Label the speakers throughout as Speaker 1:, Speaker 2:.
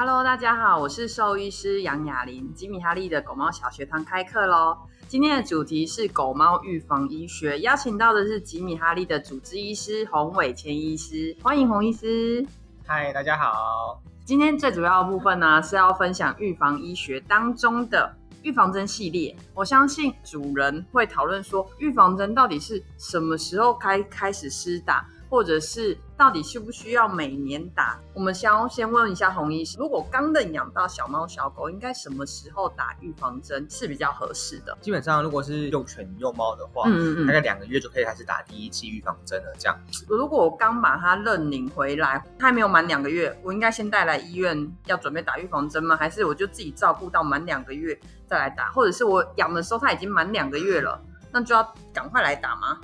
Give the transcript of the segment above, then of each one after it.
Speaker 1: Hello，大家好，我是獸醫師楊雅鈴。吉米哈利的狗貓小學堂開課咯。今天的主題是狗貓預防醫學，邀請到的是吉米哈利的主治醫師洪瑋謙醫師，歡迎洪醫師。嗨，大家好。今天最主要的部分呢，是要分享預防醫學當中的預防針系列。我相信主人會討論說，預防針到底是什麼時候開開始施打，或者是。到底需不需要每年打？我們想要先問一下洪醫師，如果剛認養到小貓小狗，應該什麼時候打預防針是比較合適的？基本上，如果是幼犬幼貓的話，嗯嗯，大概兩個月就可以開始打第一劑預防針了。這樣子，如果我剛把它認領回來，它還沒有滿兩個月，我應該先帶來醫院要準備打預防針嗎？還是我就自己照顧到滿兩個月再來打？或者是我養的時候它已經滿兩個月了，那就要趕快來打嗎？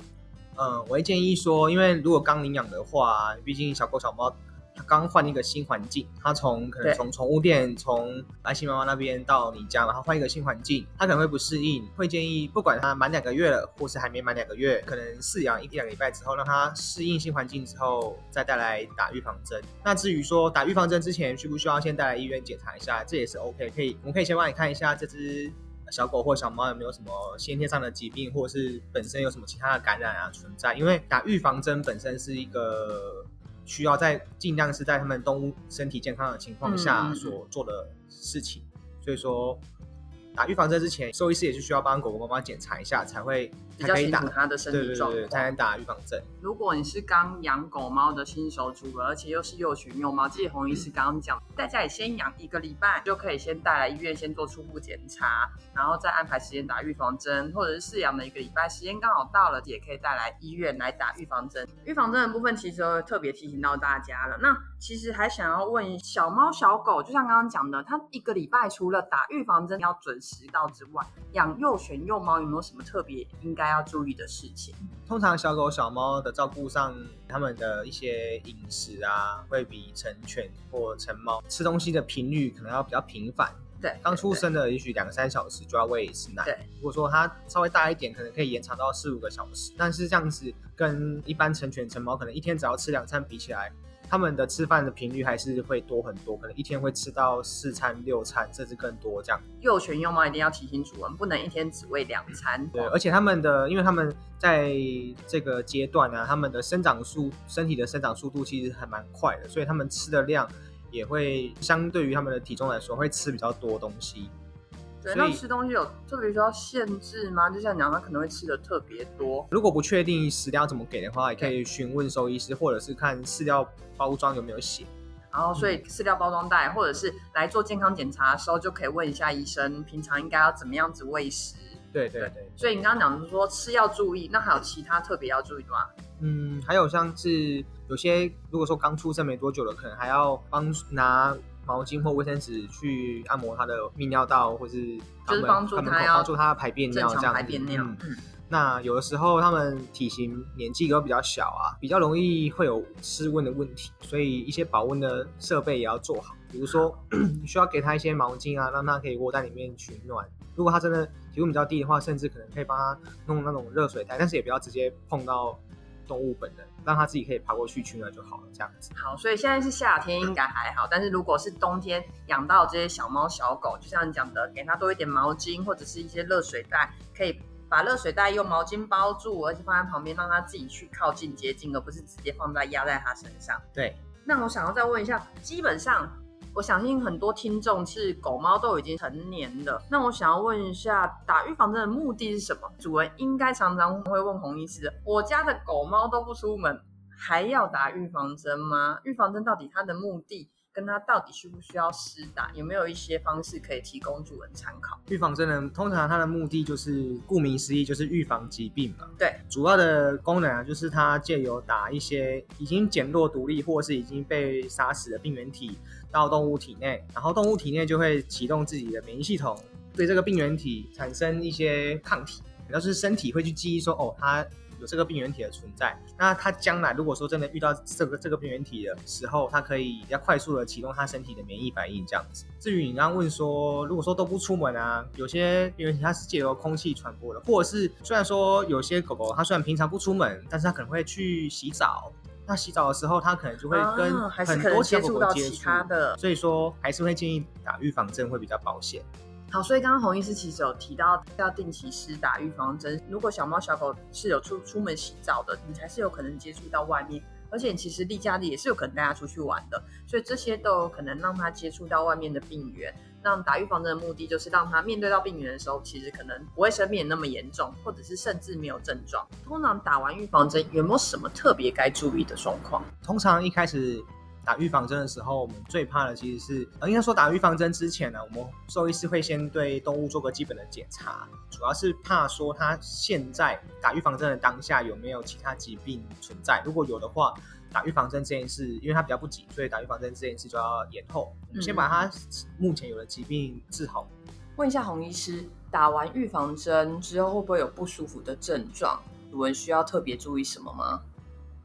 Speaker 2: 嗯，我會建議說，因為如果剛領養的話，畢竟小狗小貓，它剛換一個新環境，它從可能從寵對物店從愛心媽媽那邊到你家，然後換一個新環境，它可能會不適應。會建議不管它滿兩個月了，或是還沒滿兩個月，可能飼養一兩個禮拜之後，讓它適應新環境之後再帶來打預防針。那至於說打預防針之前需不需要先帶來醫院檢查一下，這也是 OK，可以，我們可以先幫你看一下這只。小狗或小貓有沒有什麼先天上的疾病，或者是本身有什麼其他的感染啊存在？因為打預防針本身是一個需要在盡量是在它們動物身體健康的情況下所做的事情，嗯嗯嗯，所以說打預防針之前，獸醫師也是需要幫狗狗媽媽檢查一下才會比較清楚它的身體狀況，才能打預防針。
Speaker 1: 如果你是剛養狗貓的新手主人，而且又是幼犬幼貓，記得洪醫師剛剛講，嗯、在家裡先養一個禮拜，就可以先帶來醫院先做初步檢查，然後再安排時間打預防針，或者是飼養的一個禮拜時間剛好到了，也可以帶來醫院來打預防針。預防針的部分其實特別提醒到大家了。那其實還想要問小貓小狗，就像剛剛講的，它一個禮拜除了打預防針要準時到之外，養幼犬幼貓有沒有什麼特別應該？大家要注意的事情。
Speaker 2: 通常小狗小貓的照顧上，他們的一些飲食啊，會比成犬或成貓吃東西的頻率可能要比較頻繁。對，剛出生的對對對，也許兩三小時就要餵一次奶。對，如果說它稍微大一點，可能可以延長到四五個小時。但是這樣子跟一般成犬成貓可能一天只要吃兩餐比起來。他們的吃飯的頻率還是會多很多，可能一天會吃到四餐、六餐，甚至更多這樣。
Speaker 1: 幼犬、幼貓一定要提醒主人，不能一天只餵兩餐。嗯、對，而
Speaker 2: 且他們的，因為他們在這個階段呢、啊，他們的生長速、身體的生長速度其實還蠻快的，所以他們吃的量也會相對於他們的體重來說，會吃比較多東西。
Speaker 1: 對所以那吃東西有特別需要限制嗎？就像你講，他可能會吃的特別多。
Speaker 2: 如果不確定食量怎麼給的話，也可以詢問獸醫師，對或者是看飼料包裝有沒有寫。
Speaker 1: 然後，所以飼料包裝袋，嗯、或者是來做健康檢查的時候，就可以問一下醫生，平常應該要怎麼樣子餵食。對對對，對，對。所以你剛剛講說吃要注意，那還有其他特別要注意的嗎？嗯，
Speaker 2: 還有像是有些，如果說剛出生沒多久的，可能還要幫拿。毛巾或衛生紙去按摩它的泌尿道，或是就是幫助它幫助它排便尿這樣子。嗯，嗯，那有的時候它們體型年紀都比較小啊，比較容易會有失溫的問題，所以一些保溫的設備也要做好。比如說，需要給它一些毛巾啊，讓它可以窩在裡面取暖。如果它真的體溫比較低的話，甚至可能可以幫它弄那種熱水袋，但是也不要直接碰到。動物本能，讓它自己可以爬過去取暖就好了，這樣子。
Speaker 1: 好，所以現在是夏天，應該還好。 但是如果是冬天，養到這些小貓小狗，就像你講的，給它多一點毛巾或者是一些熱水袋，可以把熱水袋用毛巾包住，而且放在旁邊，讓它自己去靠近接近，而不是直接放在壓在它身上。對。那我想要再問一下，基本上。我相信很多聽眾是狗貓都已經成年了，那我想要問一下，打預防針的目的是什麼？主人應該常常會問洪醫師，我家的狗貓都不出門，還要打預防針嗎？預防針到底它的目的？跟它到底需不需要施打，有沒有一些方式可以提供主人參考？
Speaker 2: 預防針呢，通常它的目的就是顧名思義，就是預防疾病嘛。嗯、對，主要的功能啊，就是它借由打一些已經減弱毒力、獨立或者是已經被殺死的病原體到動物體內，然後動物體內就會啟動自己的免疫系統，對這個病原體產生一些抗體，也就是身體會去記憶說，哦，它。這個病原體的存在，那它將來如果說真的遇到這個這個病原體的時候，它可以比較快速的啟動它身體的免疫反應這樣子。至於你剛剛問說，如果說都不出門啊，有些病原體它是借由空氣傳播的，或者是雖然說有些狗狗它雖然平常不出門，但是它可能會去洗澡，那洗澡的時候它可能就會跟很多小狗狗接觸，啊，接觸到其他的，所以說還是會建議打預防針會比較保
Speaker 1: 險。好，所以剛剛洪醫師其實有提到要定期施打預防針。如果小貓小狗是有出出門洗澡的，你才是有可能接觸到外面。而且其實例假日也是有可能帶它出去玩的，所以這些都有可能讓它接觸到外面的病原。那打預防針的目的就是讓它面對到病原的時候，其實可能不會生病那麼嚴重，或者是甚至沒有症狀。通常打完預防針
Speaker 2: 有沒有什麼特別該注意的狀況？通常一開始。打預防針的時候，我們最怕的其實是……應該說打預防針之前呢、啊，我們獸醫師會先對動物做個基本的檢查，主要是怕說它現在打預防針的當下有沒有其他疾病存在。如果有的話，打預防針這件事，因為它比較不急，所以打預防針這件事就要延後，我們先把它目前有的疾病治
Speaker 1: 好。嗯，問一下洪醫師，打完預防針之後會不會有不舒服的症狀？有人需要特別注意什麼嗎？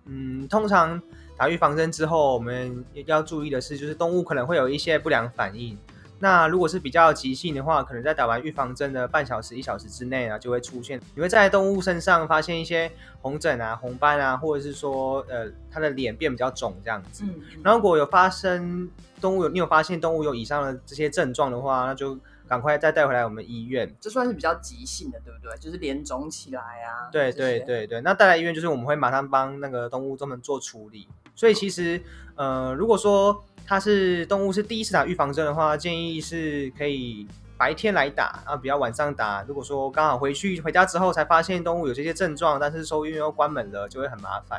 Speaker 2: 嗯，通常。打預防針之後，我們要注意的是，就是動物可能會有一些不良反應。那如果是比較急性的話，可能在打完預防針的半小時、一小時之內啊，就會出現。你會在動物身上發現一些紅疹啊、紅斑啊，或者是說，呃，它的臉變比較腫這樣子。那，嗯，如果有發生動物有你有發現動物有以上的這些症狀的話，那就。趕快再帶回來我們醫院，
Speaker 1: 這算是比較急性的，對不對？就是臉腫起來啊。
Speaker 2: 對對對對，些那帶來醫院就是我們會馬上幫那個動物專門做處理。所以其實，嗯、呃，如果說它是動物是第一次打預防針的話，建議是可以白天來打啊，然後比較晚上打。如果說剛好回去回家之後才發現動物有這些,些症狀，但是獸醫院又關門了，就會很麻煩。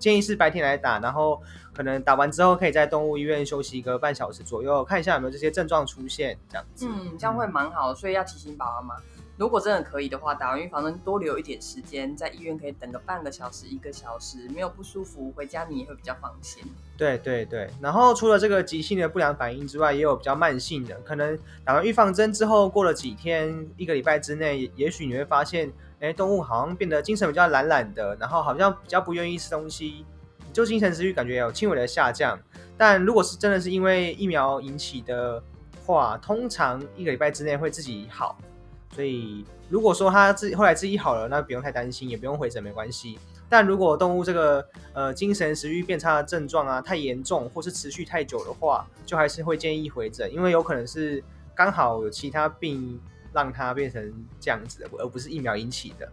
Speaker 2: 建議是白天來打，然後可能打完之後可以在動物醫院休息一個半小時左右，看一下有沒有這些症狀出現，這樣子。
Speaker 1: 嗯，這樣會蠻好，所以要提醒爸爸媽媽，如果真的可以的話，打完預防針多留一點時間，在醫院可以等個半個小時、一個小時，沒有不舒服，回家你也會比較放心。
Speaker 2: 對對對，然後除了這個急性的不良反應之外，也有比較慢性的，可能打完預防針之後過了幾天、一個禮拜之內，也許你會發現。哎、欸，動物好像變得精神比較懶懶的，然後好像比較不願意吃東西，就精神食欲感覺有輕微的下降。但如果是真的是因為疫苗引起的話，通常一個禮拜之內會自己好。所以如果說它自己後來自己好了，那不用太擔心，也不用回診，沒關係。但如果動物這個呃精神食欲變差的症狀啊太嚴重或是持續太久的話，就還是會建議回診，因為有可能是剛好有其他病讓它變成這樣子的，而不是疫苗引起的。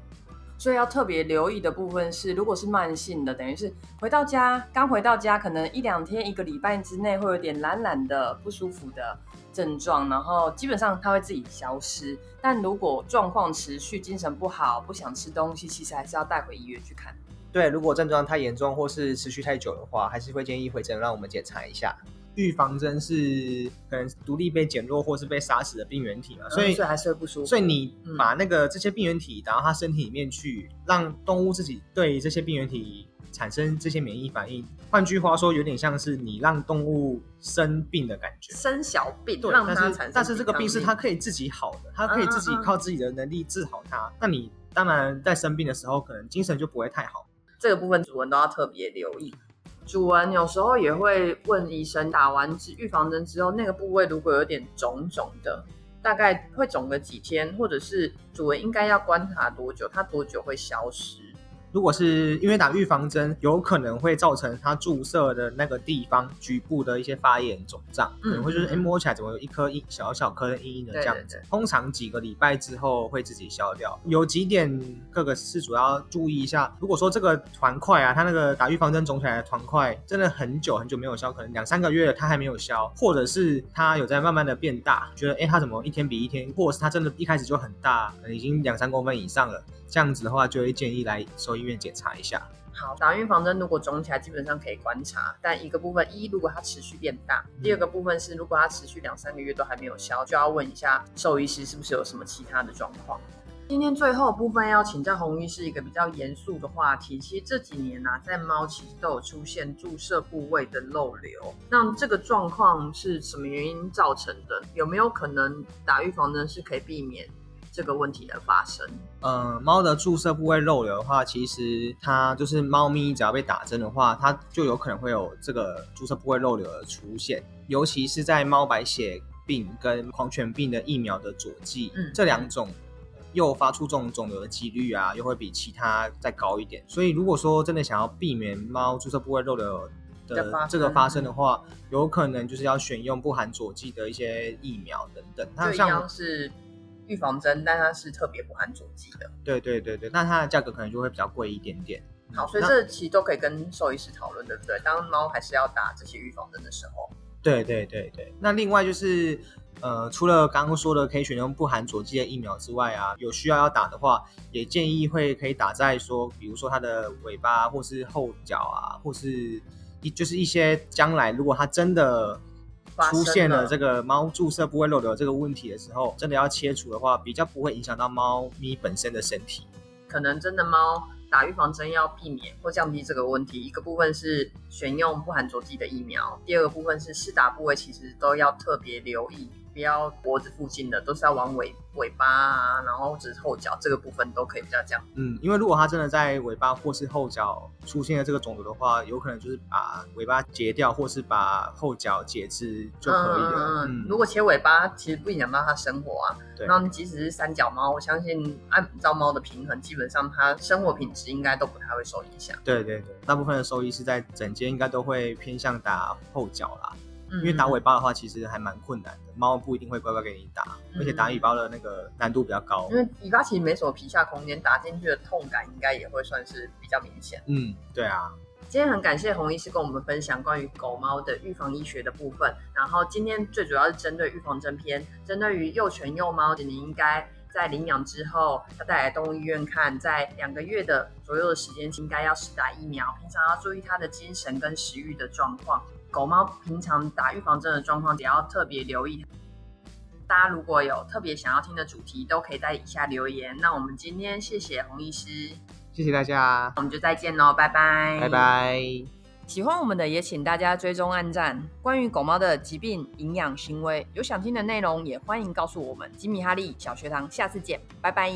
Speaker 1: 所以要特別留意的部分是，如果是慢性的，等於是回到家剛回到家，可能一兩天、一個禮拜之內會有點懶懶的、不舒服的症狀，然後基本上它會自己消失。但如果狀況持續、精神不好、不想吃東西，其實還是要帶回醫院去看。
Speaker 2: 對，如果症狀太嚴重或是持續太久的話，還是會建議回診讓我們檢查一下。預防針是可能獨立被減弱或是被殺死的病原體嘛，嗯、所以、所以還
Speaker 1: 是會不舒服。所以你把
Speaker 2: 那個這些病原體打到、嗯、它身體裡面去，讓動物自己對這些病原體產生這些免疫反應。換句話說，有點像是你讓動物生病的感覺，
Speaker 1: 生小病，對，讓它產生，但是但是這個病是它
Speaker 2: 可以自己好的，病它可以自己靠自己的能力治好它。那、啊啊啊、你當然在生病的時候，可能精神就不會太好。
Speaker 1: 這個部分，主人都要特別留意。主人有時候也會問醫生，打完預防針之後，那個部位如果有點腫腫的，大概會腫個幾天，或者是主人應該要觀察多久，它多久會消失？
Speaker 2: 如果是因為打預防針，有可能會造成他注射的那個地方局部的一些發炎腫脹，可能會就是哎摸起來怎麼有一顆一小小顆的硬硬的這樣子，對對對，通常幾個禮拜之後會自己消掉。有幾點各個是主要注意一下，如果說這個團塊啊，他那個打預防針腫起來的團塊真的很久很久沒有消，可能兩三個月了他還沒有消，或者是他有在慢慢的變大，覺得哎他、欸、怎麼一天比一天，或者是他真的一開始就很大，嗯、已經兩三公分以上了，這樣子的話就會建議來收醫。便檢查一下。
Speaker 1: 好，打預防針如果腫起來，基本上可以觀察。但一個部分，一如果它持續變大，嗯、第二個部分是，如果它持續兩三個月都還沒有消，就要問一下獸醫師是不是有什麼其他的狀況。今天最後部分要請教洪醫師一個比較嚴肅的話題。其實這幾年啊，在貓其實都有出現注射部位的肉瘤，那這個狀況是什麼原因造成的？有沒有可能打預防針是可以避免？這個問
Speaker 2: 題的發生，嗯，貓的注射部位肉瘤的話，其實它就是貓咪只要被打針的話，它就有可能會有這個注射部位肉瘤的出現。尤其是在貓白血病跟狂犬病的疫苗的佐劑，嗯、這兩種誘發這種腫瘤的幾率啊，又會比其他再高一點。所以如果說真的想要避免貓注射部位肉瘤
Speaker 1: 的這個
Speaker 2: 發生的話，嗯、有可能就是要選用不含佐劑的一些疫苗等等。它像是。
Speaker 1: 預防針，但它是特別不含佐劑的。
Speaker 2: 對對對對，那它的價格可能就會比較貴一點點。
Speaker 1: 好，所以這個其實都可以跟獸醫師討論，對不對？那當貓還是要打這些預防針的時候。
Speaker 2: 對對對對，那另外就是，呃，除了剛剛說的可以選用不含佐劑的疫苗之外啊，有需要要打的話，也建議會可以打在說，比如說它的尾巴或是後腳啊，或是一就是一些將來如果它真的。
Speaker 1: 出現了這
Speaker 2: 個貓注射部位肉瘤這個問題的時
Speaker 1: 候，真的要切除的話，比較不會影響到貓咪本身的身體。可能真的貓打預防針要避免或降低這個問題，一個部分是選用不含佐劑的疫苗，第二個部分是施打部位其實都要特別留意。腰脖子附近的都是要往尾尾巴啊，然後只是後腳這個部分都可以比較講。
Speaker 2: 嗯，因為如果它真的在尾巴或是後腳出現了這個腫瘤的話，有可能就是把尾巴截掉，
Speaker 1: 或是把後腳截肢，就可以了。嗯，嗯，如果切尾巴其實不影響到它生活啊。對。那即使是三腳貓，我相信按照貓的平衡，基本上它生活品質應該都不太會受影響。
Speaker 2: 對對對，大部分的受益是在整間應該都會偏向打後腳啦。因為打尾巴的話，其實還蠻困難的，嗯、貓不一定會乖乖給你打，嗯、而且打尾巴的那個難度比較高。因
Speaker 1: 為尾巴其實沒什麼皮下空間，打進去的痛感應該也會算是比較明顯。
Speaker 2: 嗯，對啊。今
Speaker 1: 天很感謝洪醫師跟我們分享關於狗貓的預防醫學的部分，然後今天最主要是針對預防針篇，針對於幼犬幼貓，你應該在領養之後，它帶來動物醫院看，在兩個月的左右的時間，應該要施打疫苗，平常要注意它的精神跟食慾的狀況。狗貓平常打預防針的狀況，也要特別留意。大家如果有特別想要聽的主題，都可以在以下留言。那我們今天謝謝洪醫師，謝謝大家，我們就再見嘍，拜拜，拜拜。喜歡我們的也請大家追蹤按讚。關於狗貓的疾病、營養、行為，有想聽的內容也歡迎告訴我們。吉米哈利小學堂，下次見，拜拜。